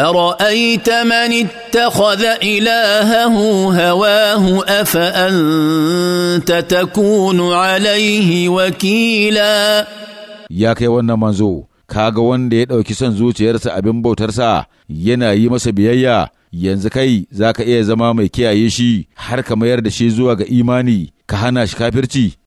ارايت من اتخذ الهه هواه افانت تكون عليه وكيلا ya kai wannan manzo kaga wanda ya ɗauki son zuciyarsa abin bautarsa yana yi masa biyayya yanzu kai za ka iya zama mai kiyaye shi har ka mayar da shi zuwa ga imani ka hana shi kafirci